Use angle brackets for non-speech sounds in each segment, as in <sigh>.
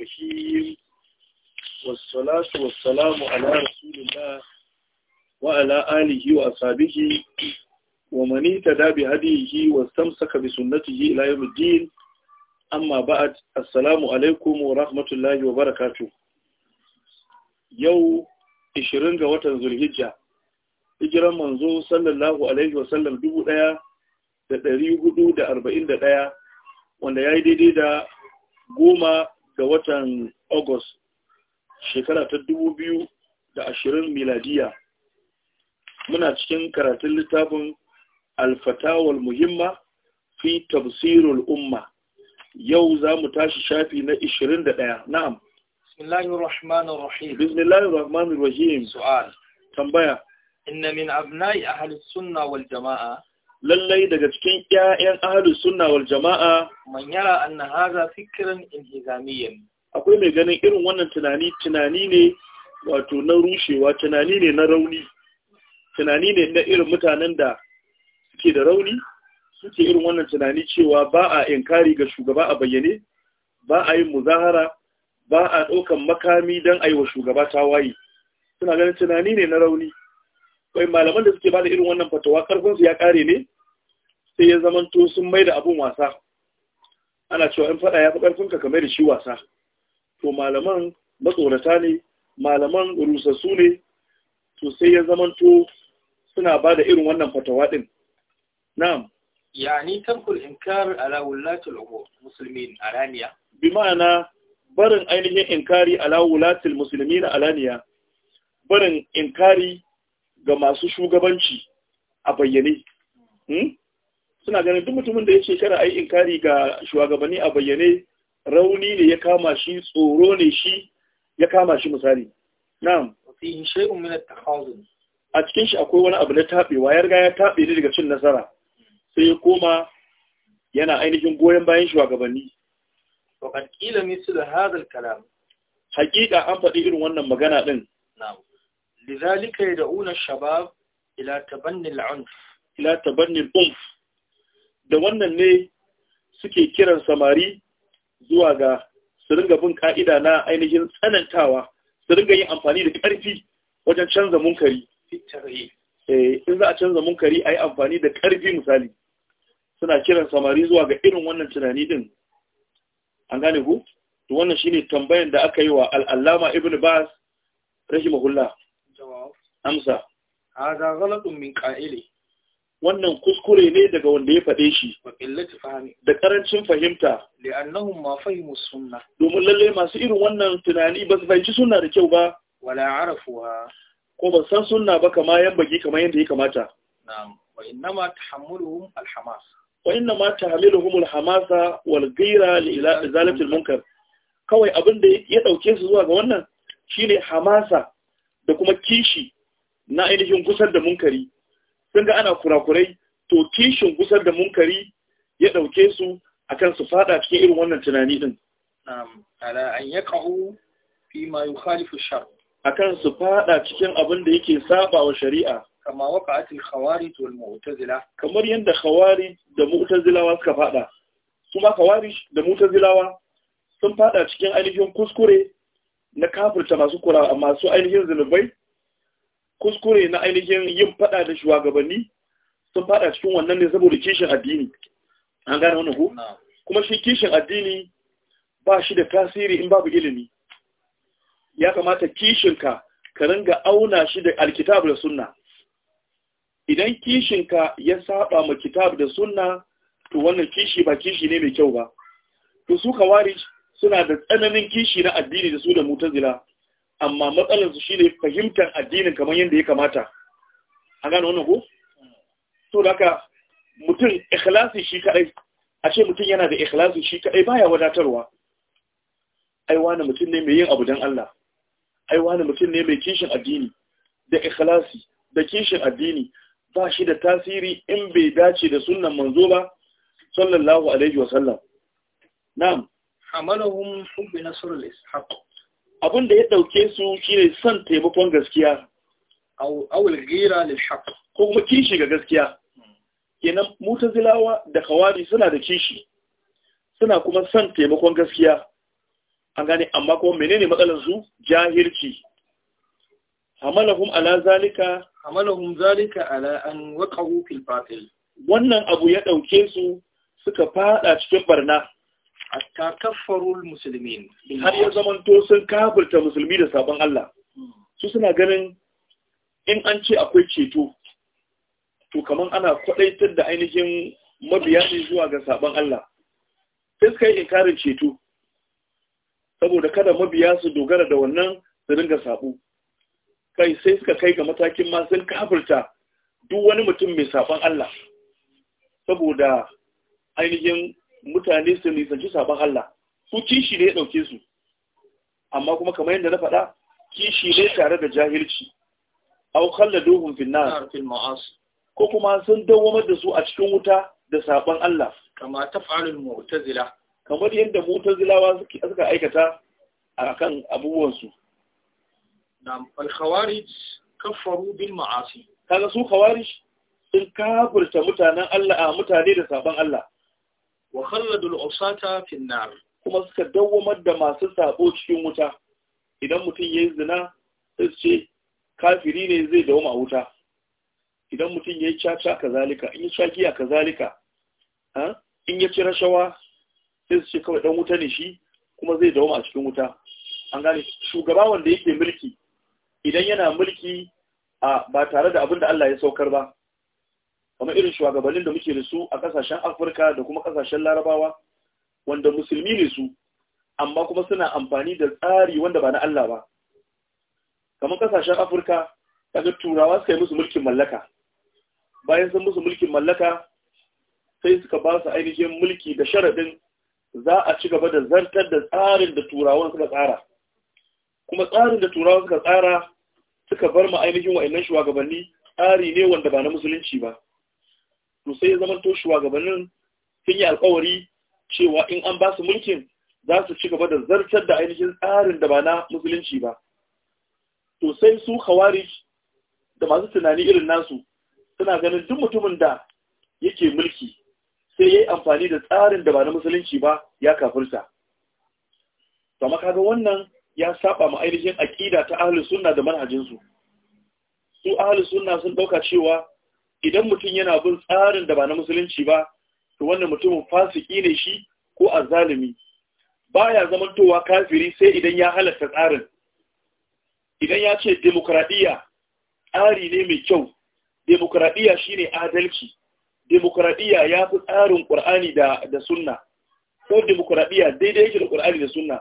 الرحيم والصلاة والسلام على رسول الله وعلى آله وأصحابه ومن اهتدى بهديه واستمسك بسنته إلى يوم الدين أما بعد السلام عليكم ورحمة الله وبركاته يو إشرين وتن ذو الهجة hijiran manzo sallallahu alaihi wasallam dubu ɗaya da ɗari دا da دا da ɗaya wanda دا yi daidai da goma ga watan agus shekara ta dubu biyu da ashirin miladiya muna cikin karatun littafin alfatawal muhimma fi tafsirul umma yau za mu tashi shafi na 21 na'am bismillahir rahmanir rahim bismillahir rahmanir rahim su'al tambaya inna min abna'i ahli sunna wal lallai daga cikin ƴaƴan ahlus sunna wal jama'a man yara anna hadha fikran inhizamiyyan akwai mai ganin irin wannan tunani tunani ne wato na rushewa tunani ne na rauni tunani ne na irin mutanen da suke da rauni suke irin wannan tunani cewa ba a inkari ga shugaba a bayyane ba a yin muzahara ba a ɗaukan makami don a yi wa shugaba tawaye suna ganin tunani ne na rauni wai malaman da suke bada irin wannan fatawa karfin su ya kare ne sai ya zamanto sun mai da abun wasa ana cewa in fada ya fi karfin ka kamar da shi wasa to malaman matsorata ne malaman rusassu ne to sai ya zamanto suna bada irin wannan fatawa din na'am yani tankul inkar ala wulatul umur muslimin alaniya bi ma'ana barin ainihin inkari ala wulatul muslimin alaniya barin inkari ga masu shugabanci a bayyane hmm? suna ganin duk mutumin da ya ce kada a yi inkari ga shugabanni a bayyane rauni ne ya kama shi tsoro ne shi ya kama shi misali a cikin shi akwai wani abu na taɓewa, ya riga ya taɓe ne daga cin nasara sai ya koma yana ainihin goyon bayan shugabanni wa an faɗi irin wannan magana ɗin. لذلك يدعون الشباب إلى تبني العنف إلى تبني العنف da wannan ne suke kiran samari zuwa ga su ringa bin ka'ida na ainihin tsanantawa su ringa yin amfani da ƙarfi wajen canza munkari in za a canza munkari a yi amfani da ƙarfi misali suna kiran samari zuwa ga irin wannan tunani din an gane ku to wannan shine tambayan da aka yi wa al'allama ibn bas rahimahullah amsa hada ghalatun wannan kuskure ne daga wanda ya faɗe shi da ƙarancin fahimta li'annahum ma fahimu sunna domin lalle masu irin wannan tunani ba su fahimci sunna da kyau ba wala arafuha ko ba san sunna ba kama yan bagi kama yanda ya kamata na'am wa innama tahammuluhum alhamas wa innama tahammuluhum alhamasa wal ghayra li izalati almunkar kawai abin da ya dauke su zuwa ga wannan shine hamasa da kuma kishi na ainihin gusar da munkari sun ga ana kurakurai to kishin gusar da munkari ya ɗauke su akan su fada cikin irin wannan tunani din a an fi ma akan su fada cikin abin da yake saba wa shari'a kama waqa'at al-khawarij wal mu'tazila kamar yadda khawarij da mu'tazilawa suka fada kuma khawarij da mu'tazilawa sun fada cikin ainihin kuskure na kafirta masu kura masu ainihin zunubai kuskure na ainihin yin fada da shugabanni sun fada cikin wannan ne saboda kishin addini an gane wannan ko kuma shi kishin addini ba shi da tasiri in babu ilimi ya kamata kishinka ka ringa auna shi da alkitab da sunna idan kishinka ya saba ma kitab da sunna to wannan kishi ba kishi ne mai kyau ba to su kawarij suna da tsananin kishi na addini da su da mutazila amma matsalarsu shi ne fahimtar addinin kamar yadda ya kamata A gane wannan ko? to da mutum ikhlasi shi kadai a ce mutum yana da ikhlasi shi kadai baya wadatarwa ai wani mutum ne mai yin abu don Allah ai wani mutum ne mai kishin addini da ikhlasi da kishin addini ba shi da tasiri in bai dace da sunnan manzo ba sallallahu alaihi wa sallam na'am hamalahum hubbi nasrul ishaq abun da ya dauke su shine son taimakon gaskiya aw aw ghira lil haqq ko kuma kishi ga gaskiya kenan mutazilawa da kawari suna da kishi suna kuma son taimakon gaskiya an gane amma ko menene matsalar su jahilci hamalahum ala zalika hamalahum zalika ala an waqahu fil batil wannan abu ya dauke su suka fada cikin barna hatta kaffarul muslimin har ya zaman to sun kafirta musulmi da sabon Allah su suna ganin in an ce akwai ceto to kaman ana kwadaitar da ainihin mabiya ne zuwa ga sabon Allah sai suka yi inkarin ceto saboda kada mabiya su dogara da wannan su ringa sabo kai sai suka kai ga matakin ma sun kafirta duk wani mutum mai sabon Allah saboda ainihin mutane su nisanci sabon Allah su kishi ne ya ɗauke su amma kuma kamar yadda na faɗa kishi ne tare da jahilci au khalladuhum dohun finna ko kuma sun dawamar da su a cikin wuta da sabon Allah kama taf'alul mu'tazila kamar yadda mu'tazilawa suke suka aikata a kan abubuwansu nam al kafaru kaffaru bil ma'asi kaga su khawarij sun kafirta mutanen Allah a mutane da sabon Allah wa khalladul usata fin nar kuma suka dawwamar da masu sabo cikin wuta idan mutum yayi zina sai ce kafiri ne zai dawoma a wuta idan mutum yayi caca kazalika in ya chakiya kazalika ha in ya ci rashawa sai ce kawai dan wuta ne shi kuma zai dawoma a cikin wuta an gane shugaba wanda yake mulki idan yana mulki a ba tare da abin da Allah ya saukar ba kamar irin shugabannin da muke da su a kasashen afirka da kuma kasashen larabawa wanda musulmi ne su amma kuma suna amfani da tsari wanda ba na Allah ba kamar kasashen afirka kaga turawa suka yi musu mulkin mallaka bayan sun musu mulkin mallaka sai suka ba su ainihin mulki da sharaɗin za a ci gaba da zartar da tsarin da turawan suka tsara kuma tsarin da turawan suka tsara suka bar ma ainihin wa'annan shugabanni tsari ne wanda ba na musulunci ba to sai ya zama to shugabannin sun yi alkawari cewa in an ba su mulkin za su ci gaba da zartar da ainihin tsarin da ba na musulunci ba to sai su hawari da masu tunani irin nasu suna ganin duk mutumin da yake mulki sai yayi amfani da tsarin da ba na musulunci ba ya kafirta to amma wannan ya saba ma ainihin aƙida ta ahlus sunna da manhajinsu. su su ahlus sunna sun dauka cewa idan mutum yana bin tsarin da ba na musulunci ba to wannan mutumin fasiki ne shi ko azzalimi baya zamantowa kafiri sai idan ya halatta tsarin idan ya ce demokradiyya tsari ne mai kyau demokradiyya shine adalci demokradiyya ya fi tsarin ƙur'ani da da sunna ko demokradiyya daidai yake da ƙur'ani da sunna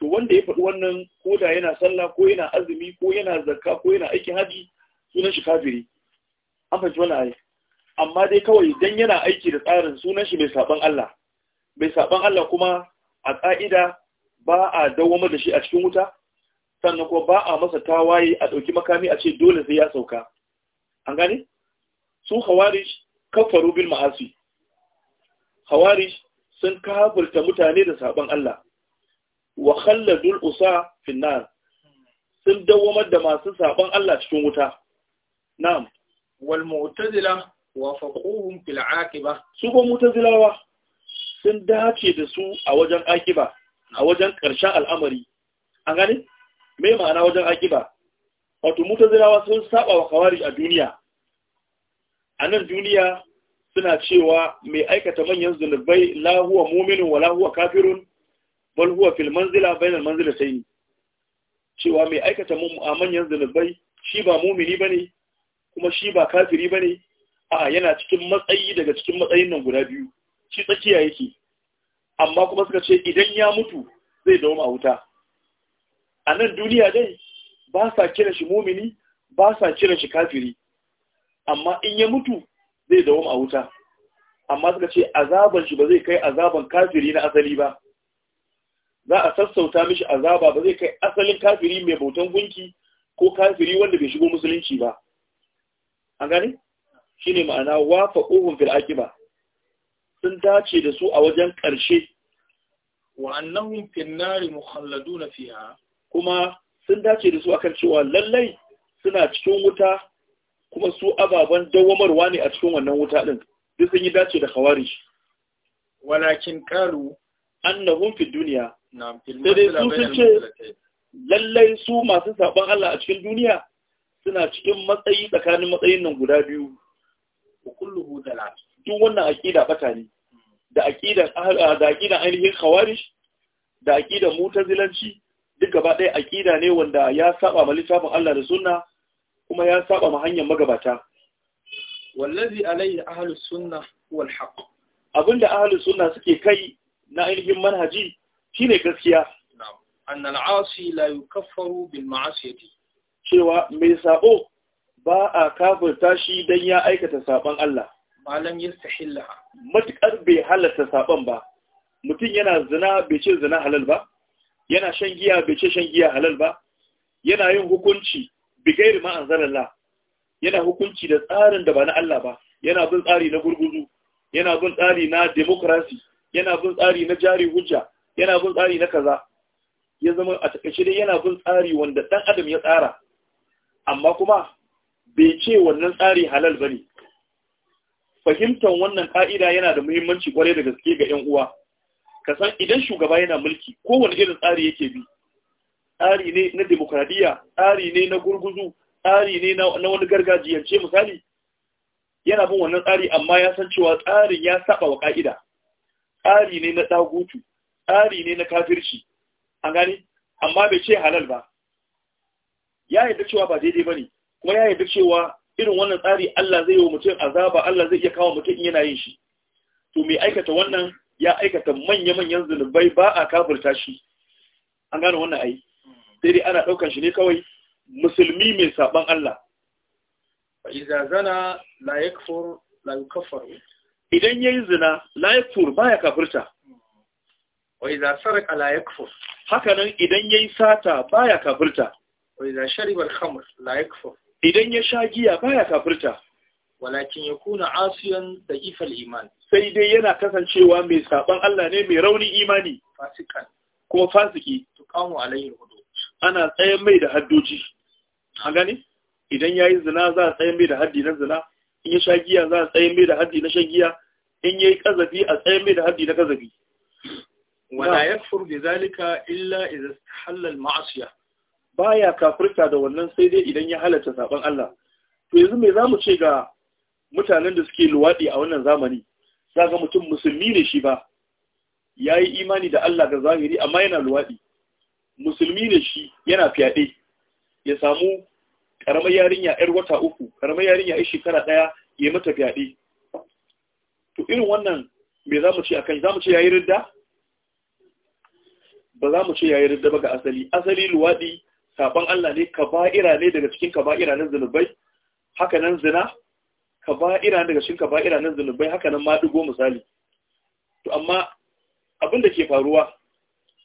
to wanda ya faɗi wannan ko da yana sallah ko yana azumi ko yana zakka ko yana aikin haji sunan shi kafiri an ji wani ayi amma dai kawai idan yana aiki da tsarin sunan shi mai saban Allah mai saban Allah kuma a ƙa'ida ba a dawwamar da shi a cikin wuta sannan kuma ba a masa tawaye a ɗauki makami a ce dole sai ya sauka an gane su khawarij kafaru bil ma'asi khawarij sun kafirta mutane da saban Allah wa khalladul usa nar sun dawwamar da masu saban Allah cikin wuta na'am wal mu'tazila wafaquhum fil aqibah su ko mu'tazilawa sun dace da su a wajen aqiba a wajen ƙarshen al'amari an gane me ma'ana wajen aqiba wato mu'tazilawa sun saba wa kawari a duniya a nan duniya suna cewa mai aikata manyan zunubai la huwa mu'minun wa huwa kafirun bal huwa fil manzila bainal manzilatayn cewa mai aikata manyan zunubai shi ba mumini bane kuma shi ba kafiri ba ne a yana cikin matsayi daga cikin matsayin nan guda biyu shi tsakiya yake amma kuma suka ce idan ya mutu zai dawo a wuta a nan duniya dai ba sa kira shi mumini ba sa kira shi kafiri amma in ya mutu zai dawo a wuta amma suka ce azaban shi ba zai kai azaban kafiri na asali ba za a sassauta mishi azaba ba zai kai asalin kafiri mai bautan gunki ko kafiri wanda bai shigo musulunci ba an gane shi ne ma'ana wafa uhun fil sun dace da su a wajen ƙarshe wa annahum fin muhalladu na fiya. kuma sun dace da su a kan cewa lallai suna cikin wuta kuma su ababen dawamarwa ne a cikin wannan wuta ɗin. duk sun yi dace da kawari walakin qalu annahum fi dunya na'am ce lallai su masu saɓon Allah a cikin duniya suna cikin matsayi tsakanin matsayin nan guda biyu kulluhu dalat duk wannan aqida bata ne da akidan ah, da aqidan ainihin khawarij da aqidan mutazilanci duk gaba ɗaya aqida ne wanda ya saba ma littafin Allah da sunna kuma ya saba ma hanyar magabata wallazi alaihi ahlus sunna wal haqq abinda ahlus sunna suke kai na ainihin manhaji shine gaskiya na'am annal asi la yukaffaru bil ma'asiyati cewa mai sabo ba a kafirta shi don ya aikata sabon Allah malam sahila. Matuƙar bai halarta sabon ba mutum yana zina bai ce zina halal ba yana shan giya bai ce shan giya halal ba yana yin hukunci bigairi ma anzalallah yana hukunci da tsarin da ba na Allah ba yana bin tsari na gurguzu yana bin tsari na demokrasi yana bin tsari na jari hujja yana bin tsari na kaza ya zama a takaice dai yana bin tsari wanda ɗan adam ya tsara amma kuma bai ce wannan tsari halal ba ne fahimtar wannan ƙa'ida yana da muhimmanci kwarai da gaske ga 'yan uwa ka san idan shugaba yana mulki kowane irin tsari yake bi tsari ne na demokradiyya tsari ne na gurguzu tsari ne na wani gargajiyance misali yana bin wannan tsari amma ya san cewa tsarin ya saba wa ka'ida tsari ne na dagutu tsari ne na kafirci an gani amma bai ce halal ba ya yarda cewa ba daidai bane kuma ya yarda cewa irin wannan tsari Allah zai yi wa mutum azaba Allah zai iya kawo mutum in yana yin shi to me aikata wannan ya aikata manya-manyan zunubai ba a kafirta shi an gane wannan ai sai dai ana ɗaukar shi ne kawai musulmi mai saban Allah idan zana la yakfur la yakfur idan yayi zina la yakfur baya kafirta wa idan sarqa la yakfur haka nan idan yayi sata baya kafirta وإذا شرب الخمر laik idan ya sha giya baya kafirta walakin kuna asiyan da ifal iman sai dai yana kasancewa mai saban Allah ne mai raunin imani fasikan ko fasiki kamo alayhi hudu ana tsayen mai da haddoji a gani idan yayi zina za a tsayen mai da haddi na zina in ya sha giya za a tsayen mai da haddi na shan giya in yayi kazafi a tsayen mai da haddi na kazafi wala yakfur bi zalika illa idza istahalla al-ma'siyah baya kafirta da wannan sai dai idan ya halatta sabon Allah to yanzu me zamu ce ga mutanen da suke luwadi a wannan zamani ga mutum musulmi ne shi ba yayi imani da Allah ga zahiri amma yana luwadi musulmi ne shi yana fyaɗe ya samu karamar yarinya yar wata uku karamar yarinya yar shekara daya ya mata fyaɗe to irin wannan me zamu ce akan zamu ce yayi ridda ba za mu ce yayi ridda ba ga asali asali luwadi saban Allah ne kaba'ira ne daga cikin ba'ira nan zunubai haka nan zina kaba'ira daga cikin kaba'ira nan zunubai haka nan ma dugo misali to amma abin da ke faruwa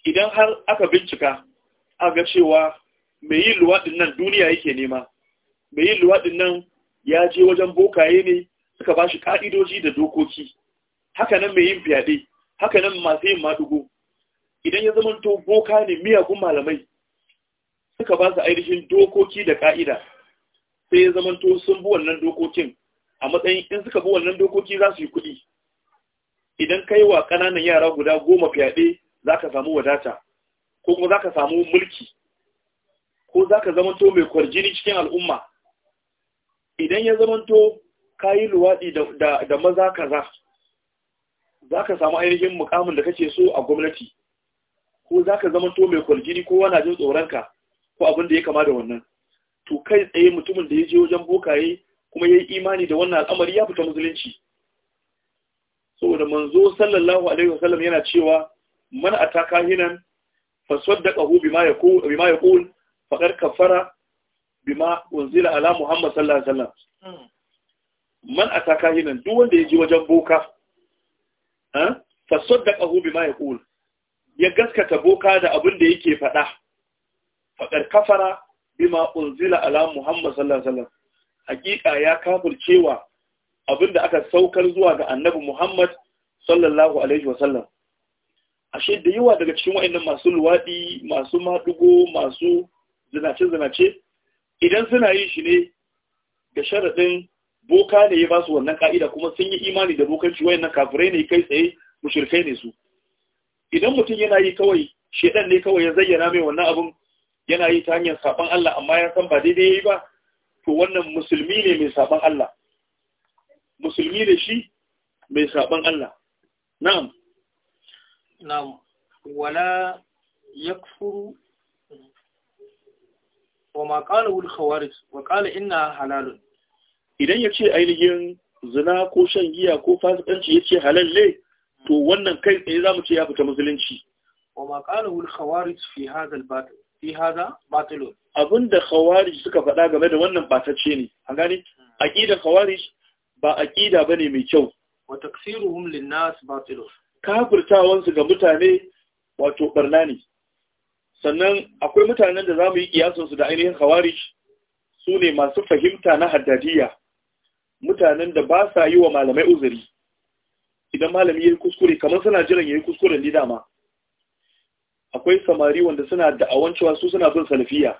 idan har aka bincika ga cewa mai yi luwaɗin nan duniya yake nema mai yi luwaɗin nan ya je wajen bokaye ne suka ba shi ka'idoji da dokoki haka nan mai yin fyaɗe haka nan masu yin maɗugo idan ya zama to boka ne miyagun malamai suka ba su ainihin dokoki da ka'ida sai ya zamanto sun bi wannan dokokin a matsayin in suka bi wannan dokoki za su yi kuɗi idan kai wa ƙananan yara guda goma fyaɗe za ka samu wadata ko kuma za ka samu mulki ko za ka zamanto mai kwarjini cikin al'umma idan ya zamanto ka yi luwaɗi da maza kaza za ka samu ainihin mukamin da kake so a gwamnati ko za ka zamanto mai kwarjini ko wana jin tsoronka ko abin da ya kama da wannan to kai tsaye mutumin da ya je wajen bokaye kuma ya yi imani da wannan al'amari ya fita musulunci saboda manzo sallallahu alaihi wasallam yana cewa man ataka hinan ƙahu bima yaqul bima yaqul faqad kafara bima unzila ala muhammad sallallahu alaihi wasallam hmm. man ataka hinan duk wanda ya je wajen boka ha eh, fasaddaqahu bima yaqul ya gaskata boka da abin da yake faɗa Faɗar kafara bima unzila ala Muhammad sallallahu alaihi wasallam hakika ya cewa abinda aka saukar zuwa ga annabi Muhammad sallallahu alaihi wasallam ashe da yawa daga cikin wa'annan masu luwaɗi masu madugo masu zinace-zinace idan suna yin shi ne da sharaɗin boka ne ya ba su wannan ka'ida kuma sun yi imani da bokanci wayannan kafirai ne kai tsaye mushirkai ne su idan mutum yana yi kawai shedan ne kawai ya zayyana mai wannan abin yana yi ta hanyar saban Allah amma ya san ba daidai yayi ba to wannan musulmi ne mai saban Allah musulmi ne shi mai saban Allah na'am na'am wala yakfuru wa ma ƙala al-khawarij wa qala inna halalun idan yace ainihin zina ko shan giya ko fasikanci yace halal ne to wannan kai tsaye zamu ce ya fita musulunci wa ma ƙala al-khawarij fi hadha al-batil fi hada batilun abinda khawarij suka faɗa game da wannan batacce ne an gani hmm. aqida khawarij ba aqida bane mai kyau wa taksiruhum linnas batilun kafirtawan su ga mutane wato barna ne sannan akwai mutanen da zamu yi kiyasan su da ainihin khawarij su ne masu fahimta na haddadiya mutanen da ba sa yi wa malamai uzuri idan malami ya yi kuskure kamar suna jiran ya yi kuskuren ni dama akwai samari wanda suna da'awan cewa su suna bin salafiya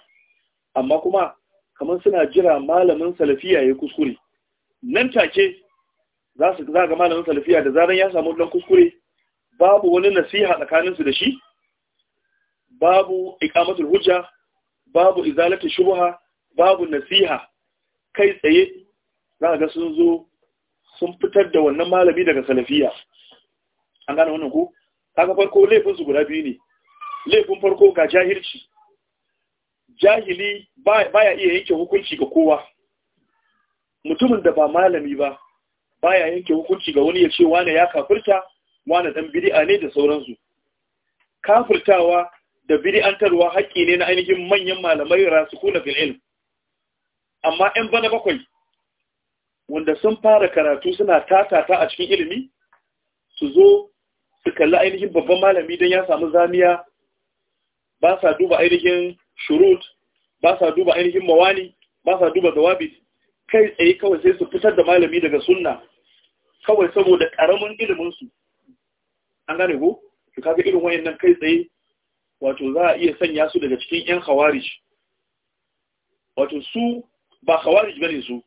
amma kuma kamar suna jira malamin salafiya ya kuskure nan take za su ga malamin salafiya da zaran ya samu dan kuskure babu wani nasiha tsakanin su da shi babu iqamatul hujja babu izalatul shubha babu nasiha kai tsaye za ga sun zo sun fitar da wannan malami daga salafiya an gane wannan ku kaga farko laifin su guda biyu ne laifin farko ga jahilci jahili baya iya yanke hukunci ga kowa mutumin da ba malami ba baya yanke hukunci ga wani ya ce wane ya kafirta wane dan bid'a ne da sauransu kafirtawa da bid'antarwa haƙƙi ne na ainihin manyan malamai rasikuna fil ilm amma 'yan bana bakwai wanda sun fara karatu suna tatata a cikin ilimi su zo su kalli ainihin babban malami don ya samu zamiya ba sa duba ainihin shurut ba sa duba ainihin mawani ba sa duba zawabit kai tsaye kawai sai su fitar da malami daga sunna kawai saboda karamin ilimin an gane ko to kaga irin wayannan kai tsaye wato za a iya sanya su daga cikin yan khawarij wato su ba khawarij bane su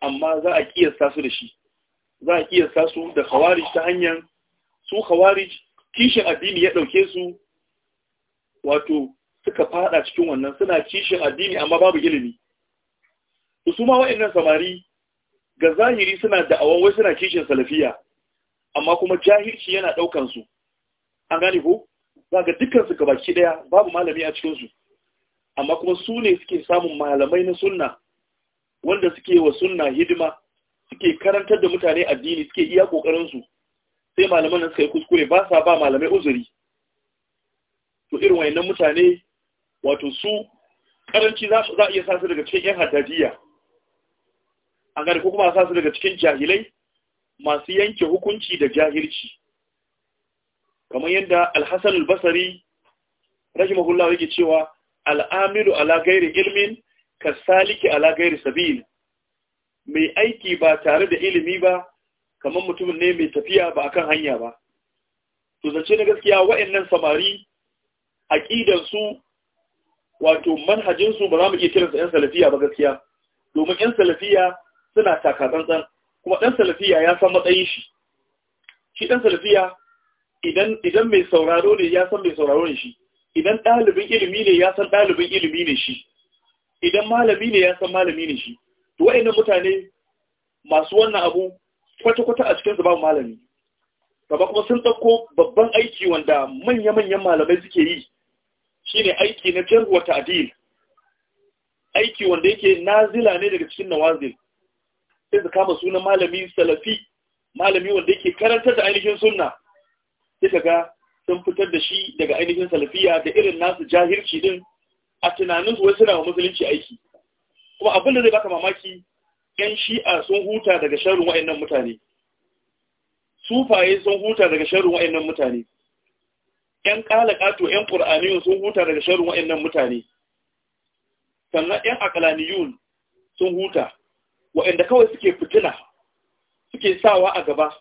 amma za a kiyasta su da shi za a kiyasta su da khawarij ta hanyar su khawarij kishin addini ya dauke su wato suka fada cikin wannan suna kishin addini amma babu ilimi su ma wa'annan samari ga zahiri suna da'awan wai suna kishin salafiya amma kuma jahilci yana daukan su an gane ko zaka dukkan su gabaki daya babu malami a cikin su amma kuma su ne suke samun malamai na sunna wanda suke wa sunna hidima suke karantar da mutane addini suke iya kokarin su sai malaman nan suka yi kuskure ba sa ba malamai uzuri to irin wayannan mutane wato su karanci za su za iya sa su daga cikin yan haddadiya an gane ko kuma sa su daga cikin jahilai masu yanke hukunci da jahilci kamar yadda alhassan albasari rahimahullah yake cewa al'amilu ala gairi ilmin ka saliki ala gairi sabil mai aiki ba tare da ilimi ba kamar mutumin ne mai tafiya ba akan hanya ba to zace na gaskiya wa'annan samari aƙidansu wato manhajinsu ba za mu iya kiransa 'yan salafiya ba gaskiya domin 'yan salafiya suna takatsantsan kuma ɗan salafiya ya san matsayin shi shi ɗan salafiya idan mai sauraro ne ya san mai sauraro ne shi idan ɗalibin ilimi ne ya san ɗalibin ilimi ne shi idan malami ne ya san malami ne shi to wa'annan mutane masu wannan abu kwata-kwata a cikinsu babu malami gaba kuma sun ɗauko babban aiki wanda manya-manyan malamai suke yi shine aiki na jarwa ta'dil aiki wanda yake nazila ne daga cikin nawazil sai su kama sunan malami salafi malami wanda yake karantar da ainihin sunna sai kaga sun fitar da shi daga ainihin salafiya da irin nasu jahirci din a tunanin su suna wa musulunci aiki kuma abin da zai baka mamaki yan shi'a sun huta daga sharrin wa'annan mutane sufaye sun huta daga sharrin wa'annan mutane ‘yan ƙalaƙato ‘yan ƙur'aniyun sun huta daga sharin wa'yannan mutane, sannan ‘yan akalaniyun sun huta, wa'yanda kawai suke fitina, suke sawa a gaba,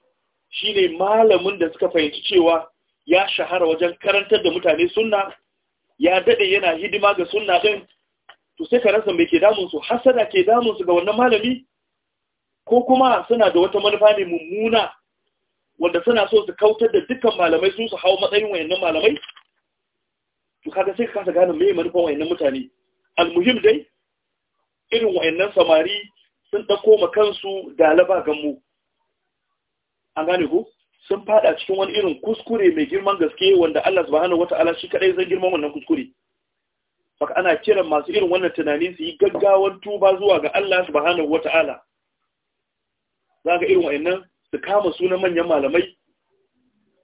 shi ne malamin da suka fahimci cewa ya shahara wajen karantar da mutane sunna, ya daɗe yana hidima ga sunna ɗin, to sai ka rasa mai ke damunsu, hasada ke damunsu ga wannan malami, ko kuma suna da wata manufa ne mummuna wanda suna so su kautar da dukkan malamai sun su hau matsayin wayannan malamai to kaga sai ka kasa gane me manufan wayannan mutane almuhim dai irin wayannan samari sun dauko ma kansu dalaba mu an gane ko sun fada cikin wani irin kuskure mai girman gaske wanda Allah subhanahu wataala shi kadai zai girman wannan kuskure baka ana kiran masu irin wannan tunani su yi gaggawar tuba zuwa ga Allah subhanahu wataala zaka irin wayannan su kama sunan manyan malamai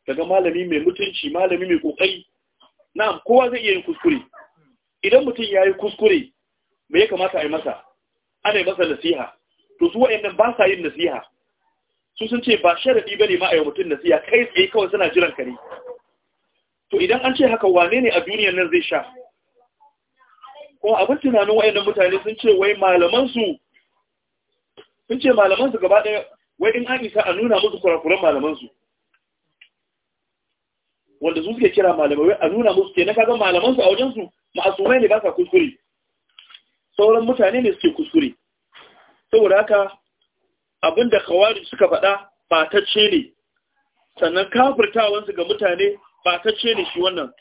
daga malami mai mutunci malami mai kokari na'am kowa zai iya yin kuskure idan mutum ya yi kuskure me ya kamata a yi masa ana yi masa nasiha to su nan ba sa yin nasiha su sun ce ba sharadi ba ne ma mutum nasiha kai tsaye kawai suna jiran kare. to idan an ce haka wane ne a duniyar nan zai sha kuma abin tunanin wa'in mutane sun ce wai malamansu sun ce malamansu gaba ɗaya wai in an isa a nuna musu kurakuran malamansu wanda su suke kira malamai a nuna musu ke na kaga malamansu a wajensu ma'asumai ne ba sa kuskure sauran mutane ne suke kuskure saboda haka abinda kawari suka faɗa ba ce ne sannan kafirtawansu ga mutane ba ce ne shi wannan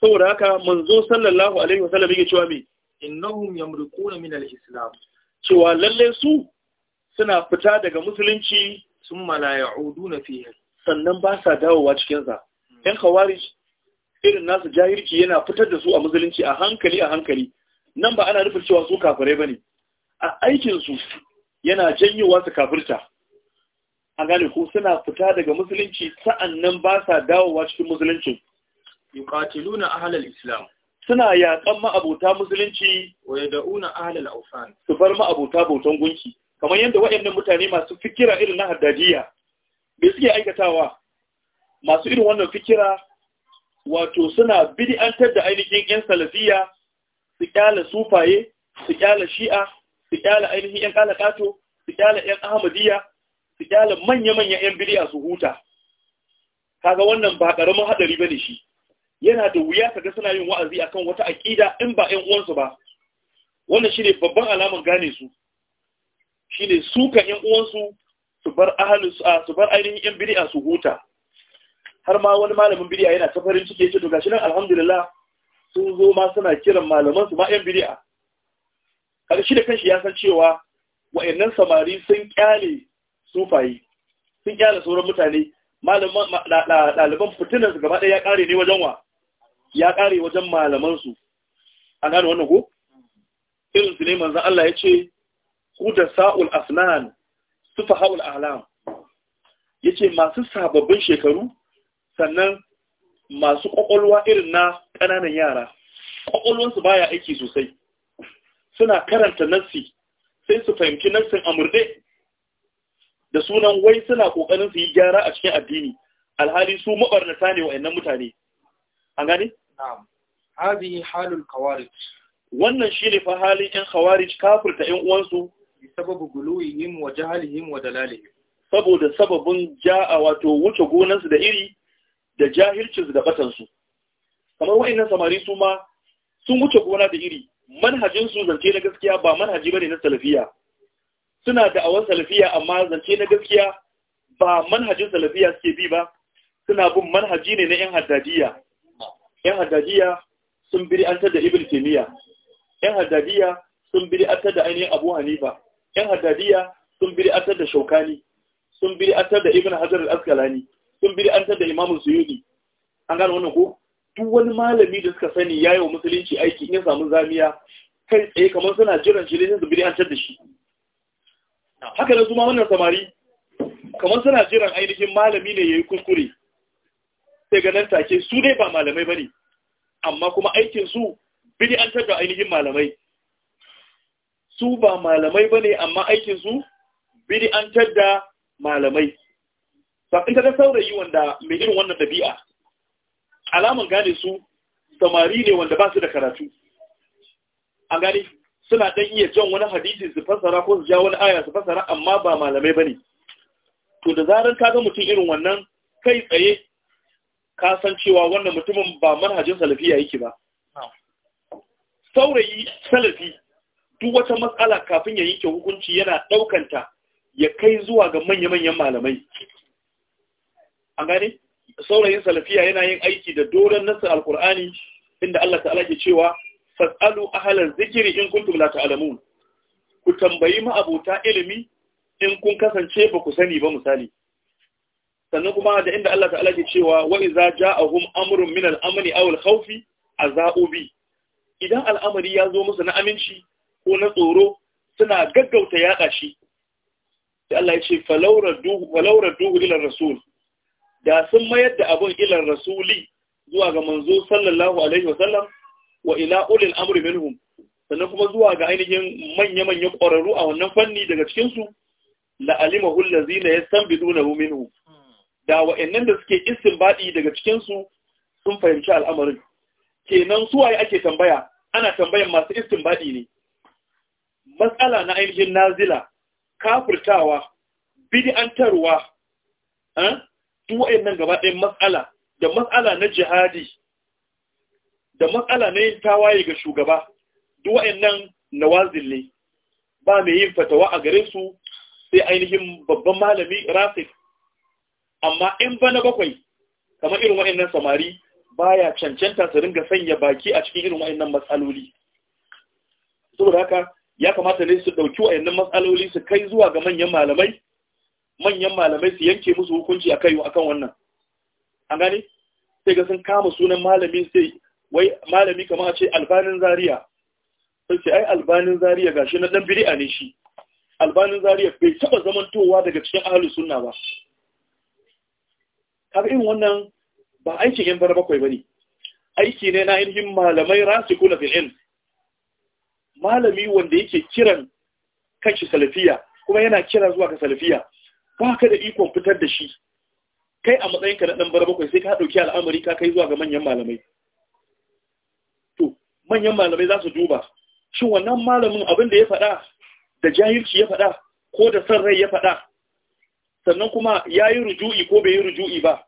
saboda haka manzo sallallahu alaihi wasallam yake cewa me innahum yamruquna min al-islam cewa lalle su suna fita daga musulunci sun malaya udu na fiye sannan ba sa dawowa cikinsa yan kawari irin nasu jahirki yana fitar da su a musulunci a hankali a hankali nan ba ana nufin cewa su kafirai ba ne a aikinsu yana janyowa su kafirta a gane ku suna fita daga musulunci sa'annan ba sa dawowa cikin musulunci yuqatiluna ahlal islam suna yaƙan ma'abuta musulunci wa yad'una ahlal awsan su bar ma'abuta bautan gunki kamar yadda waɗannan mutane masu fikira irin na haddajiya, bai suke aikatawa masu irin wannan fikira wato suna bid'antar da ainihin yan salafiya su kyala sufaye su kyala shi'a su kyala ainihin yan kato su kyala yan ahmadiyya su kyala manya-manyan yan bid'a su huta kaga wannan ba karamin hadari bane shi yana da wuya kaga suna yin wa'azi akan wata aqida in ba yan uwansu ba wannan shine babban alaman gane su shine suka yan uwansu su bar ahlus su bar ainihin yan bid'a su huta har ma wani malamin bid'a yana ta farin ciki yace to gashi nan alhamdulillah sun zo ma suna kiran malaman su ma yan bid'a kaga shi da kanshi ya san cewa wayannan samari sun kyale sufayi sun kyale sauran mutane malaman ɗaliban fitinan su gaba ɗaya ya ƙare ne wajen wa ya kare wajen malaman su an gane wannan ko irin su ne manzon Allah ya ce kuda sa'ul asnan sufa ha'ul alam ya ce masu sababbin shekaru sannan masu ƙwaƙwalwa irin na ƙananan yara ƙwaƙwalwansu baya aiki sosai suna karanta nassi sai su fahimci nassin amurde da sunan wai suna ƙoƙarin su yi gyara a cikin addini alhali su mabarnata ne wa'annan mutane an gane? na'am hadhihi halul khawarij wannan shine fa halin yan kawarij kafirta yan uwansu bisababu guluwihim wa jahalihim wa dalalihim saboda sababin ja'a wato wuce gonansu da iri da jahilcinsu da batansu kamar wa'annan samari su ma sun wuce gona da iri manhajinsu zance na gaskiya ba manhaji bane na salafiya suna da awon salafiya amma zance na gaskiya ba manhajin salafiya suke bi ba suna bin manhaji ne na yan haddadiya yan haddadiya sun biri an da ibn taymiya yan haddadiya sun biri da ainihin abu hanifa yan hadadiya sun bid'antar da shaukani sun bid'antar da ibn hajar al-asqalani sun bid'antar da imam suyudi an gano wannan ko duk wani malami da suka sani ya yi wa musulunci aiki in ya samu zamiya kai tsaye kamar suna jiran shi ne su bid'antar da shi haka da zuma wannan samari kamar suna jiran ainihin malami ne ya yi kuskure sai ga take su dai ba malamai ba ne, amma kuma aikin su bid'antar da ainihin malamai su ba malamai ba ne amma aikinsu an da malamai in ta saurayi wanda mai irin wannan dabi'a alaman gane su samari ne wanda ba su da karatu an gane suna dan iya jan wani hadisi su fassara ko su ja wani aya su fassara amma ba malamai bane to da zarar ka ga mutum irin wannan kai tsaye ka san cewa wannan mutumin ba manhajin salafiya yake ba saurayi salafi duk wata matsala kafin ya yanke hukunci yana ɗaukanta ya kai zuwa ga manya-manyan malamai an gane saurayin salafiya yana yin aiki da doron nasar alkur'ani inda Allah ta'ala ke cewa fas'alu a halar zikiri in tumla ta alamu. ku tambayi ma'abuta ilimi in kun kasance ba ku sani ba misali sannan kuma da inda Allah ta'ala ke cewa wa iza ja'ahum amrun min al-amni aw al-khawfi a idan al'amari ya zo musu na aminci ko na tsoro suna gaggauta yaɗa shi sai Allah ya ce falaura duhu ilar rasul da sun mayar da abun ilar rasuli zuwa ga manzo sallallahu alaihi wasallam wa ila ulil amri minhum sannan kuma zuwa ga ainihin manya-manya ƙwararru a wannan fanni daga cikinsu la'alima hullazi na ya san bidu na minhu da wa'annan da suke isin baɗi daga cikinsu sun fahimci al'amarin kenan su waye ake tambaya ana tambayan masu isin baɗi ne matsala na ainihin nazila kafirtawa bid'antarwa eh duk wayannan gaba matsala da matsala na jihadi da matsala na yin tawaye ga shugaba duk wayannan nawazil ne ba mai yin fatawa a gare su sai ainihin babban malami rafik. amma in bana bakwai kamar irin wayannan samari baya cancanta su ringa sanya baki a cikin irin wayannan matsaloli saboda haka ya kamata ne su ɗauki wa'annan matsaloli su kai zuwa ga manyan malamai manyan malamai su yanke musu hukunci a kaiwa akan wannan an gane sai ga sun kama sunan malami sai wai malami kamar ce albanin zaria sai ce ai albanin zaria gashi na dan bid'a ne shi albanin zaria bai taba zamantowa daga cikin ahlus sunna ba kaga irin wannan ba aikin yan bara bakwai bane aiki ne na ainihin malamai rasikuna fil ilm malami wanda yake kiran kanshi salafiya kuma yana kira zuwa ka salafiya ba ka da ikon fitar da shi kai a matsayinka na ɗan bakwai sai ka ɗauki al'amari ka kai zuwa ga manyan malamai to manyan malamai za su duba shi wannan malamin abin da ya faɗa da jahilci ya faɗa ko da san rai ya faɗa sannan kuma ya yi ruju'i ko bai yi ruju'i ba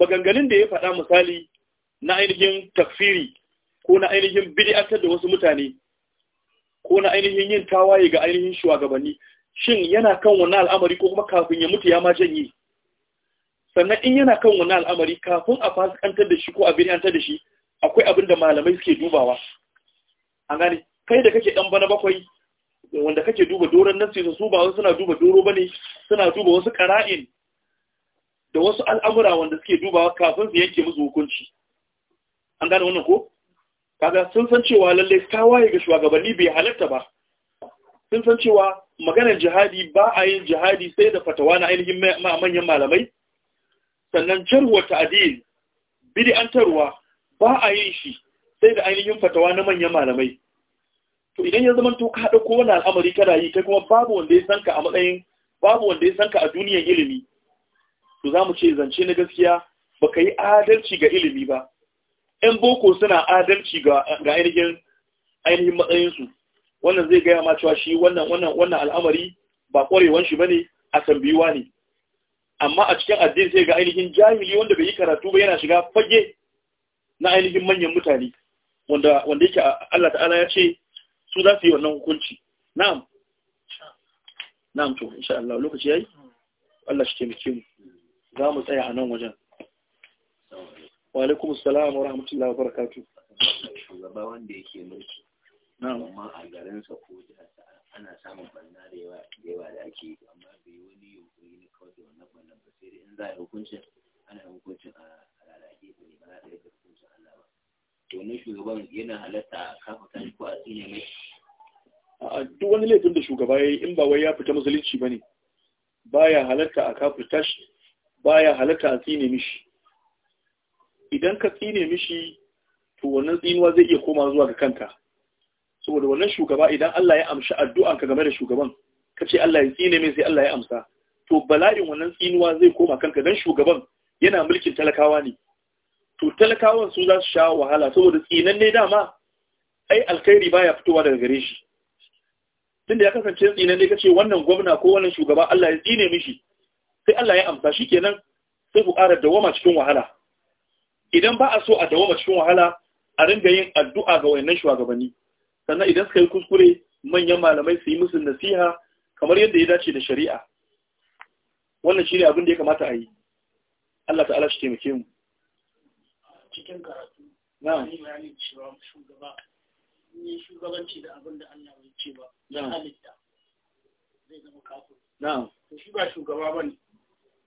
maganganun da ya faɗa misali na ainihin tafsiri ko na ainihin bid'atar da wasu mutane ko na ainihin yin tawaye ga ainihin shugabanni shin yana kan wannan al'amari ko kuma kafin ya mutu ya ma janye sannan in yana kan wani al'amari kafin a fasikantar da shi ko a biryantar da shi akwai abin da malamai suke dubawa an gane kai da kake dan bana bakwai wanda kake duba doron nan sai su ba wasu suna duba doro bane suna duba wasu qara'in da wasu al'amura wanda suke dubawa kafin su yanke musu hukunci an gane wannan ko kaga sun san cewa lalle tawaye ga shugabanni bai halatta ba sun san cewa maganar jihadi ba a yin jihadi sai da fatawa na ainihin manyan malamai sannan jarwa ta'dil bid'antarwa ba a yin shi sai da ainihin fatawa na manyan malamai to idan ya zama to ka haɗa ko wani al'amari kada yi kai kuma babu wanda ya sanka a matsayin babu wanda ya sanka a duniyar ilimi to zamu ce zance na gaskiya baka yi adalci ga ilimi ba 'yan boko suna adalci ga ainihin ainihin matsayinsu wannan zai gaya ma cewa shi wannan wannan wannan al'amari ba ƙwarewan shi ne, a tambiwa ne amma a cikin addini sai ga ainihin jahili wanda bai yi karatu ba yana shiga fage na ainihin manyan mutane wanda wanda yake Allah ta'ala ya ce su za su yi wannan hukunci na'am na'am to insha Allah lokaci yayi Allah shi ke mu za mu tsaya a nan wajen wa salam wa rahmatullahi wa barakatuh shugaba wanda yake mulki amma a sa ko jiharsa ana samun banna da yawa da yawa da ake amma bai wani yunkuri ni kawai da wannan banna ba sai da in za a hukuncin ana hukuncin a alalaje ne ba za a yi hukuncin Allah ba to wannan shugaban yana halatta kafa kan ko a tsine mai a duk wani laifin da shugaba ya yi in ba wai ya fita musulunci ba ne baya halatta a kafa tashi baya halatta a tsine mishi idan ka tsine mishi to wannan tsinuwa zai iya koma zuwa ga kanka saboda wannan shugaba idan Allah ya amshi ka game da shugaban ka ce Allah ya tsine mai sai Allah ya amsa to bala'in wannan tsinuwa zai koma kanka dan shugaban yana mulkin talakawa ne to talakawan su za su sha wahala saboda tsinan ne dama ai alkhairi baya fitowa daga gare shi tunda ya kasance tsinan ne kace wannan gwamna ko wannan shugaba Allah ya tsine mishi sai Allah ya amsa shi shikenan sai ku ƙara dawama cikin wahala idan ba a so a dawo cikin wahala a ringa yin addu'a ga wayannan shugabanni sannan idan suka yi kuskure manyan malamai su yi musu nasiha kamar yadda ya dace da shari'a wannan shi ne abin da ya kamata a yi Allah ta'ala shi taimake mu cikin karatu na'am bayani cewa shugaba ni shugabanci da abin da Allah ya ce ba halitta zai zama kafin. na'am shi ba shugaba bane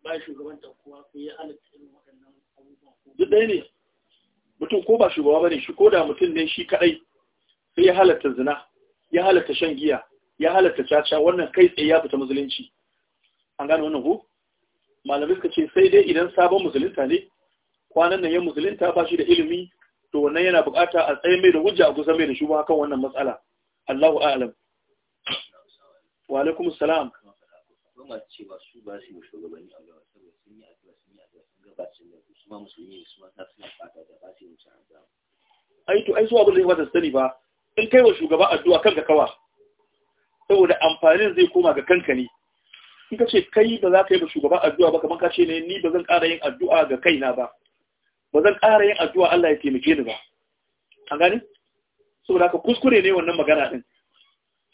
ba shugabantar kowa ko ya halatta irin waɗannan abubuwa duk ɗaya ne mutum ko ba shugaba ba ne shi ko da mutum ne shi kaɗai. sai ya halatta zina ya halatta shan giya ya halatta caca wannan kai tsaye ya fita musulunci an gane wannan ko malamai suka ce sai dai idan sabon musulunta ne kwanan nan ya musulunta ba shi da ilimi to wannan yana bukata a tsaye mai da hujja a kusa mai da shi, shugaba kan wannan matsala Allahu a'lam wa alaikum salam akwai masu cewa su ba su yi shugabanni a gawa saboda sun yi addu'a sun yi addu'a sun gabacin da su ma musulmi su ma ta suna fata da ba su yi musu addu'a ai to ai su abin da ya kamata sani ba in kai wa shugaba addu'a kan ka kawa saboda amfanin zai koma ga kanka ne in ka ce kai ba za ka yi ba shugaba addu'a ba kamar ka ce ne ni ba zan ƙara yin addu'a ga kaina ba ba zan ƙara yin addu'a Allah ya taimake ni ba an gani saboda haka kuskure ne wannan magana din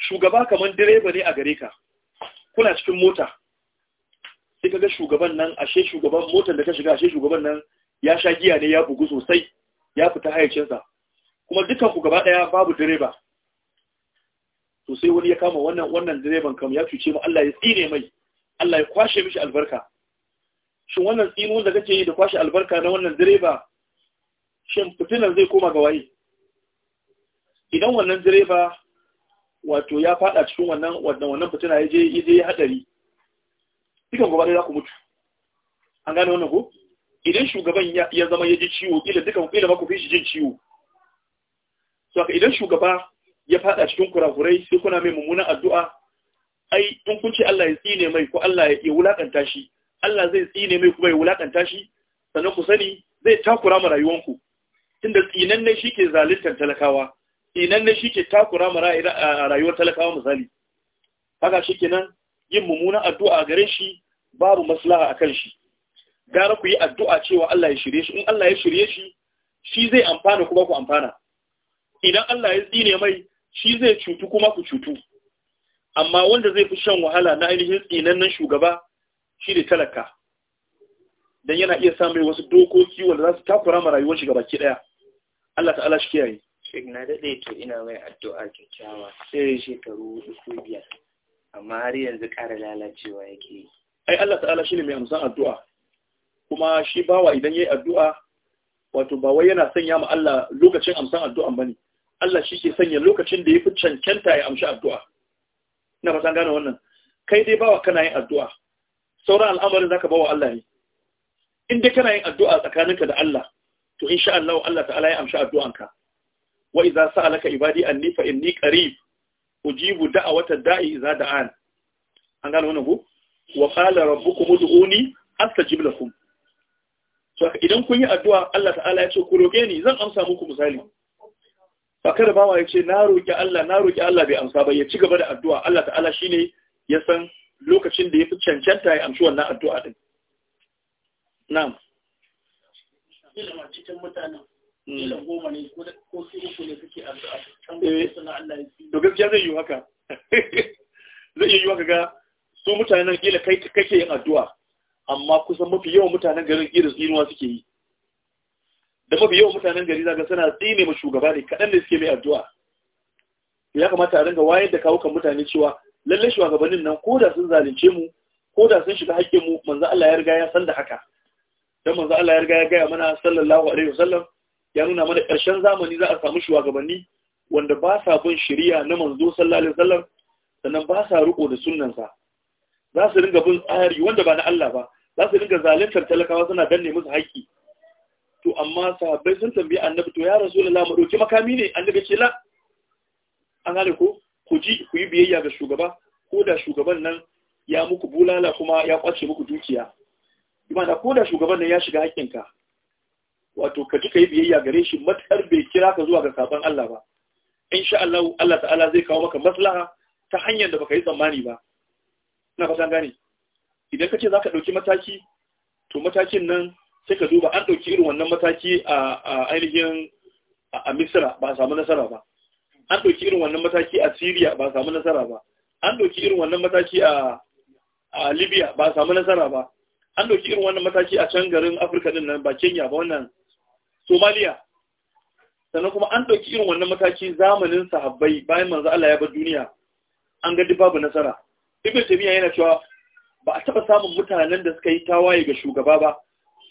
shugaba kamar direba ne a gare ka kuna cikin mota sai kaga shugaban nan ashe shugaban motar da ta shiga ashe shugaban nan ya sha giya ne ya bugu sosai ya fita hayyacinsa kuma dukan ku gaba daya babu direba to sai wani ya kama wannan wannan direban kam ya cuce mu Allah ya tsine mai Allah ya kwashe mishi albarka shin wannan tsino da kake yi da kwashe albarka na wannan direba shin fitinan zai koma ga waye idan wannan direba wato ya fada cikin wannan wannan wannan fitina ya je ya je hadari dukan gaba za ku mutu an gane wannan ko idan shugaban ya zama ya ji ciwo kila dukan kila ba ku fi shi jin ciwo to idan shugaba ya fada cikin kurakurai sai kuna mai mummunan addu'a ai in kun ce Allah ya tsine mai ko Allah ya wulakanta shi Allah zai tsine mai kuma ya wulakanta shi sannan ku sani zai takura ma rayuwanku tunda tsinan ne shi ke zaluntar talakawa inan ne shi ke takura mara a rayuwar talakawa misali haka shi kenan yin mummunan addu'a a gare shi babu maslaha a kan shi gara ku yi addu'a cewa Allah ya shirye shi in Allah ya shirye shi shi zai amfana kuma ku amfana idan Allah ya tsine mai shi zai cutu kuma ku cutu amma wanda zai fi shan wahala na ainihin tsinannen shugaba shi ne talaka don yana iya samun wasu dokoki wanda za su takura ma rayuwar shi gabaki ɗaya Allah ta'ala shi kiyaye Sheikh na daɗe to ina mai addu'a kyakkyawa sai shekaru hudu ko biyar amma har yanzu ƙara lalacewa yake yi. Ai Allah ta'ala shi ne mai amsan addu'a kuma shi bawa idan ya yi addu'a wato ba wai yana sanya ma Allah lokacin amsan addu'an ba ne. Allah shi ke sanya lokacin da ya fi cancanta ya amshi addu'a. Ina fatan gane wannan. Kai dai bawa kana yin addu'a. Sauran al'amarin zaka bawa Allah ne. In dai kana yin addu'a tsakaninka da Allah to insha Allah Allah ta'ala ya amshi addu'anka. wa idza sa'alaka ibadi anni fa inni qarib ujibu da'wata da'i idza da'an an gano wannan ko wa qala rabbukum ud'uni astajib lakum so idan kun yi addu'a Allah ta'ala ya ce ku roke ni zan amsa muku misali ba bawa ya ce na roki Allah na roki Allah bai amsa ba ya ci gaba da addu'a Allah ta'ala shine ya san lokacin da yafi cancanta ya amshi wannan addu'a din na'am cikin mutanen Mm. kila goma ne ko su uku ne suke addu'a can eh. Allah ya ci to gaskiya zai yi haka <laughs> zai yi haka ga su mutanen kila kai kake yin addu'a amma kusan mafi yawan mutanen garin kila tsinuwa suke yi da mafi yawan mutanen gari zaga suna tsine ma shugaba ne kaɗan ne suke mai addu'a ya kamata a ringa wayar da kawo kan mutane cewa lallai shugabannin nan ko da sun zalunce mu ko da sun shiga haƙƙin mu manzo Allah ya riga ya san da haka dan manzo Allah ya riga ya gaya mana sallallahu alaihi wasallam ya nuna mana ƙarshen zamani za a samu shugabanni wanda ba sa bin shari'a na manzo sallallahu alaihi wasallam sannan ba sa riko da sunnansa za su ringa bin tsari wanda ba na Allah ba za su ringa zaluntar talakawa suna danne musu haƙƙi to amma sahabbai sun tambaye annabi to ya rasulullah mu dauki makami ne annabi ce la an gane ko ku ji ku yi biyayya ga shugaba ko da shugaban nan ya muku bulala kuma ya kwace muku dukiya imana ko da shugaban nan ya shiga haƙƙinka wato ka ji ka yi biyayya gare shi matar bai kira ka zuwa ga saban Allah ba sha Allah Allah ta'ala zai kawo maka maslaha ta hanyar da baka yi tsammani ba ina fatan gane idan ka ce za ka ɗauki mataki to matakin nan sai ka duba an ɗauki irin wannan mataki a ainihin a misira ba a samu nasara ba an ɗauki irin wannan mataki a siriya ba a samu nasara ba an ɗauki irin wannan mataki a libya ba a samu nasara ba an ɗauki irin wannan mataki a can garin afirka ɗin nan ba kenya ba wannan somaliya sannan kuma an ɗauki irin wannan mataki zamanin sahabbai bayan manzo Allah ya bar duniya an ga babu nasara ibn taymiya yana cewa ba a taɓa samun mutanen da suka yi tawaye ga shugaba ba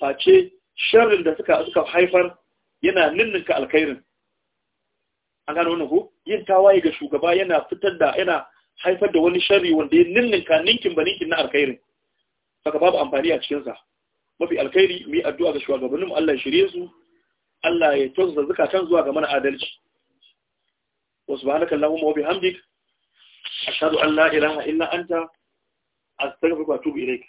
face sharrin da suka suka haifar yana ninninka alkhairin an gano wannan ko yin tawaye ga shugaba yana fitar da yana haifar da wani sharri wanda ya ninninka ninkin ba ninkin na alkhairin saka babu amfani a cikinsa mafi alkhairi mu yi addu'a ga shugabanninmu Allah ya shirye su Allah ya tausa zakatan zuwa ga mana adalci wa subhanaka allahumma wa bihamdik ashhadu an la ilaha illa anta astaghfiruka wa atubu ilaik